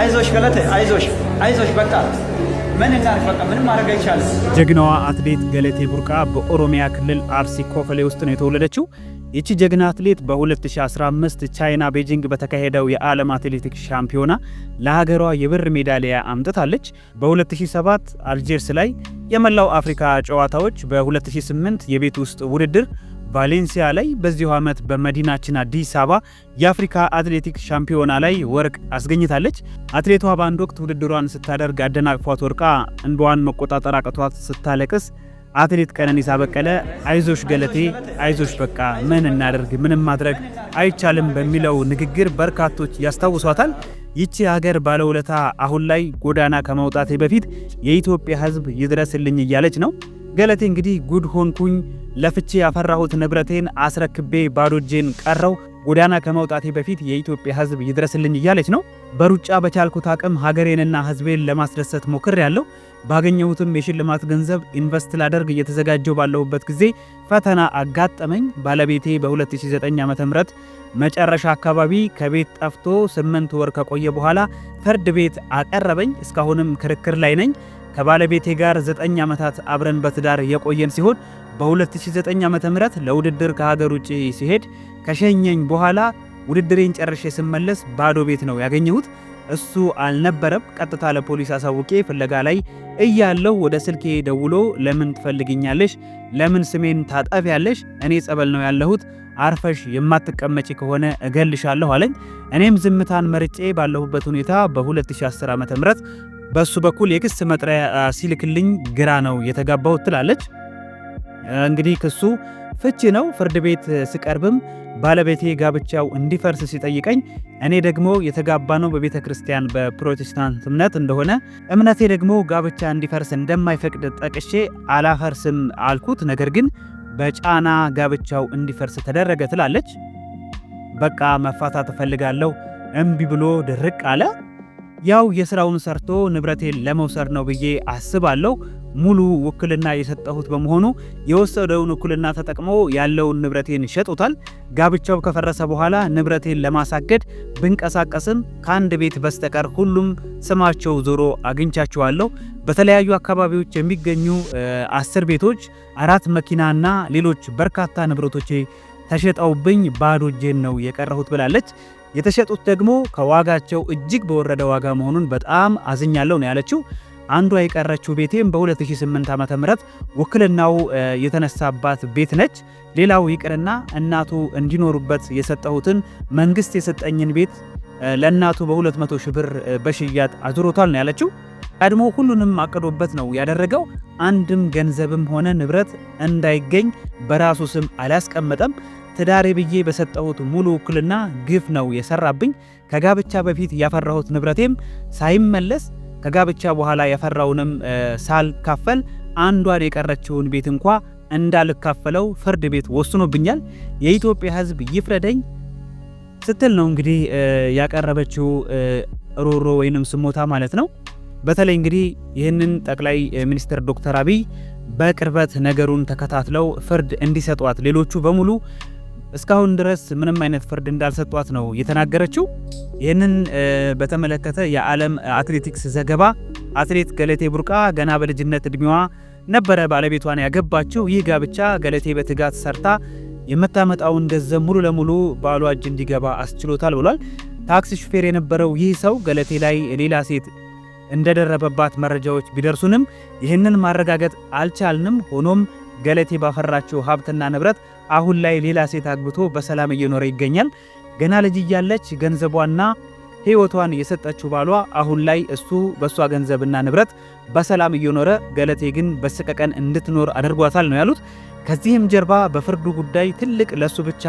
አይዞሽ ገለቴ፣ አይዞሽ አይዞሽ፣ በቃ ምን እናርግ፣ በቃ ምንም ማድረግ አይቻልም። ጀግናዋ አትሌት ገለቴ ቡርቃ በኦሮሚያ ክልል አርሲ ኮፈሌ ውስጥ ነው የተወለደችው። ይቺ ጀግና አትሌት በ2015 ቻይና ቤጂንግ በተካሄደው የዓለም አትሌቲክስ ሻምፒዮና ለሀገሯ የብር ሜዳሊያ አምጥታለች። በ2007 አልጄርስ ላይ የመላው አፍሪካ ጨዋታዎች፣ በ2008 የቤት ውስጥ ውድድር ቫሌንሲያ ላይ በዚሁ ዓመት በመዲናችን አዲስ አበባ የአፍሪካ አትሌቲክስ ሻምፒዮና ላይ ወርቅ አስገኝታለች። አትሌቷ በአንድ ወቅት ውድድሯን ስታደርግ አደናቅፏት ወርቃ እንባዋን መቆጣጠር አቅቷት ስታለቅስ አትሌት ቀነኒሳ በቀለ አይዞሽ ገለቴ አይዞሽ በቃ ምን እናደርግ ምንም ማድረግ አይቻልም በሚለው ንግግር በርካቶች ያስታውሷታል። ይቺ ሀገር ባለውለታ አሁን ላይ ጎዳና ከመውጣቴ በፊት የኢትዮጵያ ሕዝብ ይድረስልኝ እያለች ነው። ገለቴ እንግዲህ ጉድ ሆንኩኝ፣ ለፍቼ ያፈራሁት ንብረቴን አስረክቤ ባዶ እጄን ቀረው፣ ጎዳና ከመውጣቴ በፊት የኢትዮጵያ ሕዝብ ይድረስልኝ እያለች ነው። በሩጫ በቻልኩት አቅም ሀገሬንና ሕዝቤን ለማስደሰት ሞክር ያለው ባገኘሁትም የሽልማት ገንዘብ ኢንቨስት ላደርግ እየተዘጋጀው ባለሁበት ጊዜ ፈተና አጋጠመኝ። ባለቤቴ በ2009 ዓ ም መጨረሻ አካባቢ ከቤት ጠፍቶ ስምንት ወር ከቆየ በኋላ ፍርድ ቤት አቀረበኝ። እስካሁንም ክርክር ላይ ነኝ። ከባለቤቴ ጋር 9 ዓመታት አብረን በትዳር የቆየን ሲሆን በ2009 ዓ.ም ለውድድር ከሀገር ውጭ ሲሄድ ከሸኘኝ በኋላ ውድድሬን ጨርሼ ስመለስ ባዶ ቤት ነው ያገኘሁት። እሱ አልነበረም። ቀጥታ ለፖሊስ አሳውቄ ፍለጋ ላይ እያለው ወደ ስልኬ ደውሎ ለምን ትፈልግኛለሽ? ለምን ስሜን ታጠፊያለሽ? እኔ ጸበል ነው ያለሁት አርፈሽ የማትቀመጪ ከሆነ እገልሻለሁ አለኝ። እኔም ዝምታን መርጬ ባለሁበት ሁኔታ በ2010 ዓ.ም በሱ በኩል የክስ መጥሪያ ሲልክልኝ ግራ ነው የተጋባሁት ትላለች። እንግዲህ ክሱ ፍቺ ነው። ፍርድ ቤት ስቀርብም ባለቤቴ ጋብቻው እንዲፈርስ ሲጠይቀኝ እኔ ደግሞ የተጋባ ነው በቤተ ክርስቲያን በፕሮቴስታንት እምነት እንደሆነ እምነቴ ደግሞ ጋብቻ እንዲፈርስ እንደማይፈቅድ ጠቅሼ አላፈርስም አልኩት። ነገር ግን በጫና ጋብቻው እንዲፈርስ ተደረገ ትላለች። በቃ መፋታት እፈልጋለሁ እምቢ ብሎ ድርቅ አለ። ያው የስራውን ሰርቶ ንብረቴን ለመውሰድ ነው ብዬ አስባለሁ። ሙሉ ውክልና የሰጠሁት በመሆኑ የወሰደውን ውክልና ተጠቅሞ ያለውን ንብረቴን ይሸጡታል። ጋብቻው ከፈረሰ በኋላ ንብረቴን ለማሳገድ ብንቀሳቀስም ከአንድ ቤት በስተቀር ሁሉም ስማቸው ዞሮ አግኝቻቸዋለሁ። በተለያዩ አካባቢዎች የሚገኙ አስር ቤቶች፣ አራት መኪናና ሌሎች በርካታ ንብረቶቼ ተሸጠውብኝ ባዶ እጄን ነው የቀረሁት ብላለች። የተሸጡት ደግሞ ከዋጋቸው እጅግ በወረደ ዋጋ መሆኑን በጣም አዝኛለሁ ነው ያለችው። አንዷ የቀረችው ቤቴም በ2008 ም ውክልናው የተነሳባት ቤት ነች። ሌላው ይቅርና እናቱ እንዲኖሩበት የሰጠሁትን መንግስት የሰጠኝን ቤት ለእናቱ በ200 ሺህ ብር በሽያጭ አዙሮቷል ነው ያለችው። ቀድሞ ሁሉንም አቅዶበት ነው ያደረገው። አንድም ገንዘብም ሆነ ንብረት እንዳይገኝ በራሱ ስም አላስቀመጠም። ትዳሬ ብዬ በሰጠሁት ሙሉ ውክልና ግፍ ነው የሰራብኝ። ከጋብቻ በፊት ያፈራሁት ንብረቴም ሳይመለስ ከጋብቻ በኋላ ያፈራውንም ሳልካፈል አንዷን የቀረችውን ቤት እንኳ እንዳልካፈለው ፍርድ ቤት ወስኖብኛል። የኢትዮጵያ ሕዝብ ይፍረደኝ ስትል ነው እንግዲህ ያቀረበችው ሮሮ ወይንም ስሞታ ማለት ነው። በተለይ እንግዲህ ይህንን ጠቅላይ ሚኒስትር ዶክተር አብይ በቅርበት ነገሩን ተከታትለው ፍርድ እንዲሰጧት ሌሎቹ በሙሉ እስካሁን ድረስ ምንም አይነት ፍርድ እንዳልሰጧት ነው የተናገረችው። ይህንን በተመለከተ የዓለም አትሌቲክስ ዘገባ አትሌት ገለቴ ቡርቃ ገና በልጅነት እድሜዋ ነበረ ባለቤቷን ያገባችው። ይህ ጋብቻ ገለቴ በትጋት ሰርታ የምታመጣውን ገንዘብ ሙሉ ለሙሉ ባሏ እጅ እንዲገባ አስችሎታል ብሏል። ታክሲ ሹፌር የነበረው ይህ ሰው ገለቴ ላይ ሌላ ሴት እንደደረበባት መረጃዎች ቢደርሱንም ይህንን ማረጋገጥ አልቻልንም። ሆኖም ገለቴ ባፈራችው ሀብትና ንብረት አሁን ላይ ሌላ ሴት አግብቶ በሰላም እየኖረ ይገኛል። ገና ልጅ እያለች ገንዘቧና ሕይወቷን የሰጠችው ባሏ አሁን ላይ እሱ በእሷ ገንዘብና ንብረት በሰላም እየኖረ ገለቴ ግን በሰቀቀን እንድትኖር አድርጓታል ነው ያሉት። ከዚህም ጀርባ በፍርዱ ጉዳይ ትልቅ ለእሱ ብቻ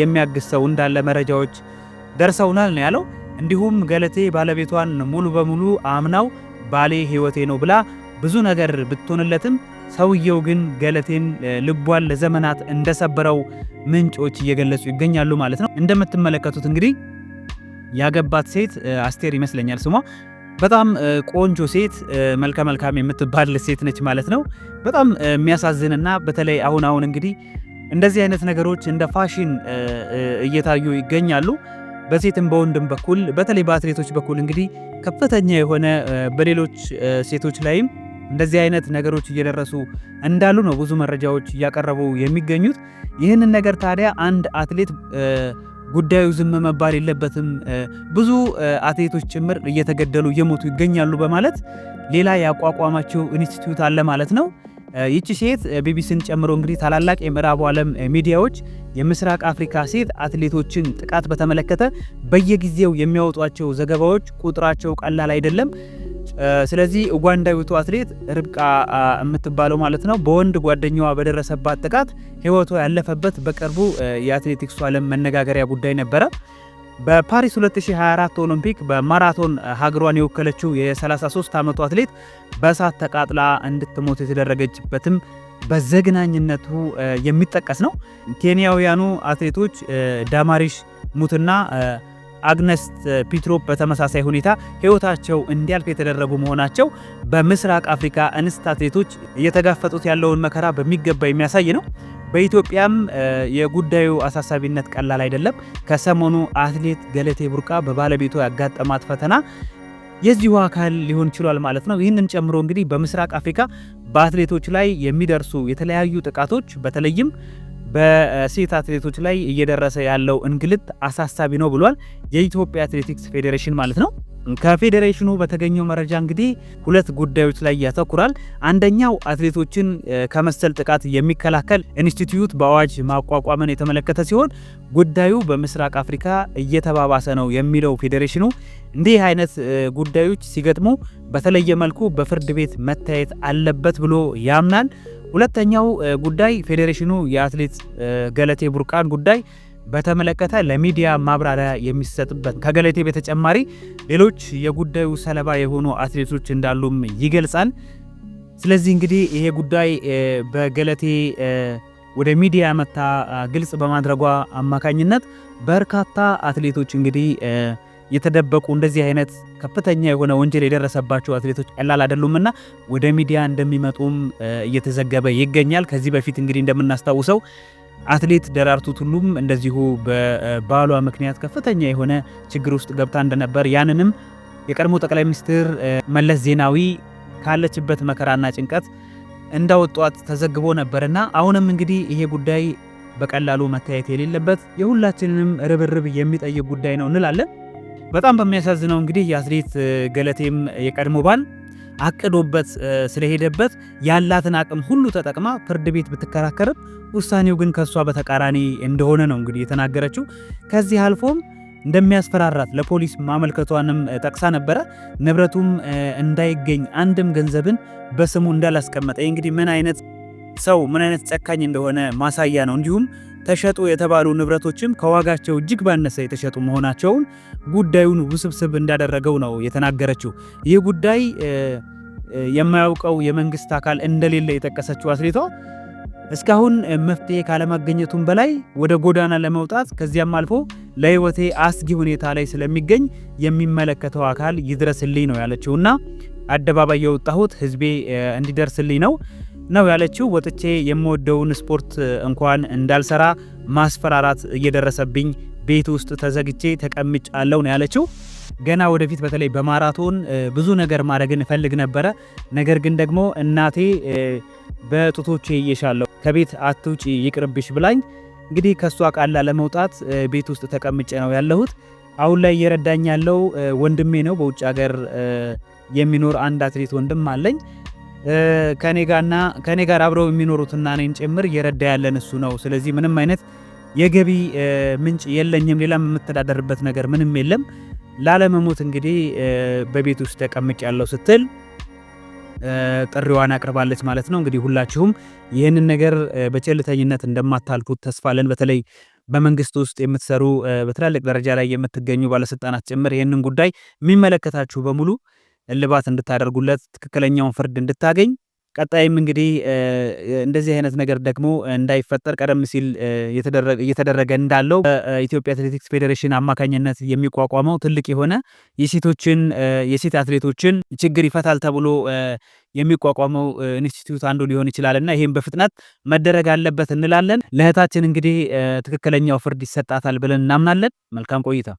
የሚያግዝ ሰው እንዳለ መረጃዎች ደርሰውናል ነው ያለው። እንዲሁም ገለቴ ባለቤቷን ሙሉ በሙሉ አምናው ባሌ ሕይወቴ ነው ብላ ብዙ ነገር ብትሆንለትም ሰውየው ግን ገለቴን ልቧን ለዘመናት እንደሰበረው ምንጮች እየገለጹ ይገኛሉ ማለት ነው። እንደምትመለከቱት እንግዲህ ያገባት ሴት አስቴር ይመስለኛል ስሟ። በጣም ቆንጆ ሴት መልከ መልካም የምትባል ሴት ነች ማለት ነው። በጣም የሚያሳዝንና በተለይ አሁን አሁን እንግዲህ እንደዚህ አይነት ነገሮች እንደ ፋሽን እየታዩ ይገኛሉ። በሴትም በወንድም በኩል በተለይ በአትሌቶች በኩል እንግዲህ ከፍተኛ የሆነ በሌሎች ሴቶች ላይም እንደዚህ አይነት ነገሮች እየደረሱ እንዳሉ ነው ብዙ መረጃዎች እያቀረቡ የሚገኙት። ይህንን ነገር ታዲያ አንድ አትሌት ጉዳዩ ዝም መባል የለበትም፣ ብዙ አትሌቶች ጭምር እየተገደሉ እየሞቱ ይገኛሉ በማለት ሌላ ያቋቋማቸው ኢንስቲትዩት አለ ማለት ነው። ይቺ ሴት ቢቢሲን ጨምሮ እንግዲህ ታላላቅ የምዕራቡ ዓለም ሚዲያዎች የምስራቅ አፍሪካ ሴት አትሌቶችን ጥቃት በተመለከተ በየጊዜው የሚያወጧቸው ዘገባዎች ቁጥራቸው ቀላል አይደለም። ስለዚህ ኡጋንዳዊቱ አትሌት ርብቃ የምትባለው ማለት ነው በወንድ ጓደኛዋ በደረሰባት ጥቃት ህይወቷ ያለፈበት በቅርቡ የአትሌቲክሱ ዓለም መነጋገሪያ ጉዳይ ነበረ። በፓሪስ 2024 ኦሎምፒክ በማራቶን ሀገሯን የወከለችው የ33 ዓመቱ አትሌት በእሳት ተቃጥላ እንድትሞት የተደረገችበትም በዘግናኝነቱ የሚጠቀስ ነው። ኬንያውያኑ አትሌቶች ዳማሪሽ ሙትና አግነስ ፒትሮፕ በተመሳሳይ ሁኔታ ህይወታቸው እንዲያልፍ የተደረጉ መሆናቸው በምስራቅ አፍሪካ እንስት አትሌቶች እየተጋፈጡት ያለውን መከራ በሚገባ የሚያሳይ ነው። በኢትዮጵያም የጉዳዩ አሳሳቢነት ቀላል አይደለም። ከሰሞኑ አትሌት ገለቴ ቡርቃ በባለቤቷ ያጋጠማት ፈተና የዚሁ አካል ሊሆን ችሏል ማለት ነው። ይህንን ጨምሮ እንግዲህ በምስራቅ አፍሪካ በአትሌቶች ላይ የሚደርሱ የተለያዩ ጥቃቶች በተለይም በሴት አትሌቶች ላይ እየደረሰ ያለው እንግልት አሳሳቢ ነው ብሏል የኢትዮጵያ አትሌቲክስ ፌዴሬሽን ማለት ነው። ከፌዴሬሽኑ በተገኘው መረጃ እንግዲህ ሁለት ጉዳዮች ላይ ያተኩራል። አንደኛው አትሌቶችን ከመሰል ጥቃት የሚከላከል ኢንስቲትዩት በአዋጅ ማቋቋምን የተመለከተ ሲሆን ጉዳዩ በምስራቅ አፍሪካ እየተባባሰ ነው የሚለው ፌዴሬሽኑ እንዲህ አይነት ጉዳዮች ሲገጥሙ በተለየ መልኩ በፍርድ ቤት መታየት አለበት ብሎ ያምናል። ሁለተኛው ጉዳይ ፌዴሬሽኑ የአትሌት ገለቴ ቡርቃን ጉዳይ በተመለከተ ለሚዲያ ማብራሪያ የሚሰጥበት ከገለቴ በተጨማሪ ሌሎች የጉዳዩ ሰለባ የሆኑ አትሌቶች እንዳሉም ይገልጻል። ስለዚህ እንግዲህ ይሄ ጉዳይ በገለቴ ወደ ሚዲያ መታ ግልጽ በማድረጓ አማካኝነት በርካታ አትሌቶች እንግዲህ የተደበቁ እንደዚህ አይነት ከፍተኛ የሆነ ወንጀል የደረሰባቸው አትሌቶች ቀላል አይደሉምና ወደ ሚዲያ እንደሚመጡም እየተዘገበ ይገኛል። ከዚህ በፊት እንግዲህ እንደምናስታውሰው አትሌት ደራርቱ ቱሉም እንደዚሁ በባሏ ምክንያት ከፍተኛ የሆነ ችግር ውስጥ ገብታ እንደነበር ያንንም የቀድሞ ጠቅላይ ሚኒስትር መለስ ዜናዊ ካለችበት መከራና ጭንቀት እንዳወጧት ተዘግቦ ነበርና አሁንም እንግዲህ ይሄ ጉዳይ በቀላሉ መታየት የሌለበት የሁላችንንም ርብርብ የሚጠይቅ ጉዳይ ነው እንላለን። በጣም በሚያሳዝነው እንግዲህ የአትሌት ገለቴም የቀድሞ ባል አቅዶበት ስለሄደበት ያላትን አቅም ሁሉ ተጠቅማ ፍርድ ቤት ብትከራከርም ውሳኔው ግን ከእሷ በተቃራኒ እንደሆነ ነው እንግዲህ የተናገረችው። ከዚህ አልፎም እንደሚያስፈራራት ለፖሊስ ማመልከቷንም ጠቅሳ ነበረ። ንብረቱም እንዳይገኝ አንድም ገንዘብን በስሙ እንዳላስቀመጠ እንግዲህ ምን አይነት ሰው ምን አይነት ጨካኝ እንደሆነ ማሳያ ነው። እንዲሁም ተሸጡ የተባሉ ንብረቶችም ከዋጋቸው እጅግ ባነሰ የተሸጡ መሆናቸውን ጉዳዩን ውስብስብ እንዳደረገው ነው የተናገረችው። ይህ ጉዳይ የማያውቀው የመንግስት አካል እንደሌለ የጠቀሰችው አትሌቷ እስካሁን መፍትሄ ካለማገኘቱም በላይ ወደ ጎዳና ለመውጣት ከዚያም አልፎ ለህይወቴ አስጊ ሁኔታ ላይ ስለሚገኝ የሚመለከተው አካል ይድረስልኝ ነው ያለችው እና አደባባይ የወጣሁት ህዝቤ እንዲደርስልኝ ነው። ነው ያለችው። ወጥቼ የምወደውን ስፖርት እንኳን እንዳልሰራ ማስፈራራት እየደረሰብኝ ቤት ውስጥ ተዘግቼ ተቀምጫለሁ ነው ያለችው። ገና ወደፊት በተለይ በማራቶን ብዙ ነገር ማድረግን እፈልግ ነበረ። ነገር ግን ደግሞ እናቴ በጡቶቼ እየሻለሁ ከቤት አትውጪ ይቅርብሽ ብላኝ እንግዲህ ከእሷ ቃላ ለመውጣት ቤት ውስጥ ተቀምጬ ነው ያለሁት። አሁን ላይ እየረዳኝ ያለው ወንድሜ ነው። በውጭ ሀገር የሚኖር አንድ አትሌት ወንድም አለኝ። ከኔጋና ከኔ ጋር አብረው የሚኖሩትና እኔን ጭምር እየረዳ ያለን እሱ ነው። ስለዚህ ምንም አይነት የገቢ ምንጭ የለኝም፣ ሌላ የምተዳደርበት ነገር ምንም የለም። ላለመሞት እንግዲህ በቤት ውስጥ ተቀምጭ ያለው ስትል ጥሪዋን አቅርባለች ማለት ነው። እንግዲህ ሁላችሁም ይህንን ነገር በቸልተኝነት እንደማታልፉት ተስፋለን በተለይ በመንግስት ውስጥ የምትሰሩ በትላልቅ ደረጃ ላይ የምትገኙ ባለስልጣናት ጭምር ይህንን ጉዳይ የሚመለከታችሁ በሙሉ እልባት እንድታደርጉለት ትክክለኛውን ፍርድ እንድታገኝ ቀጣይም እንግዲህ እንደዚህ አይነት ነገር ደግሞ እንዳይፈጠር ቀደም ሲል እየተደረገ እንዳለው በኢትዮጵያ አትሌቲክስ ፌዴሬሽን አማካኝነት የሚቋቋመው ትልቅ የሆነ የሴቶችን የሴት አትሌቶችን ችግር ይፈታል ተብሎ የሚቋቋመው ኢንስቲትዩት አንዱ ሊሆን ይችላል እና ይህም በፍጥነት መደረግ አለበት እንላለን። ለእህታችን እንግዲህ ትክክለኛው ፍርድ ይሰጣታል ብለን እናምናለን። መልካም ቆይታ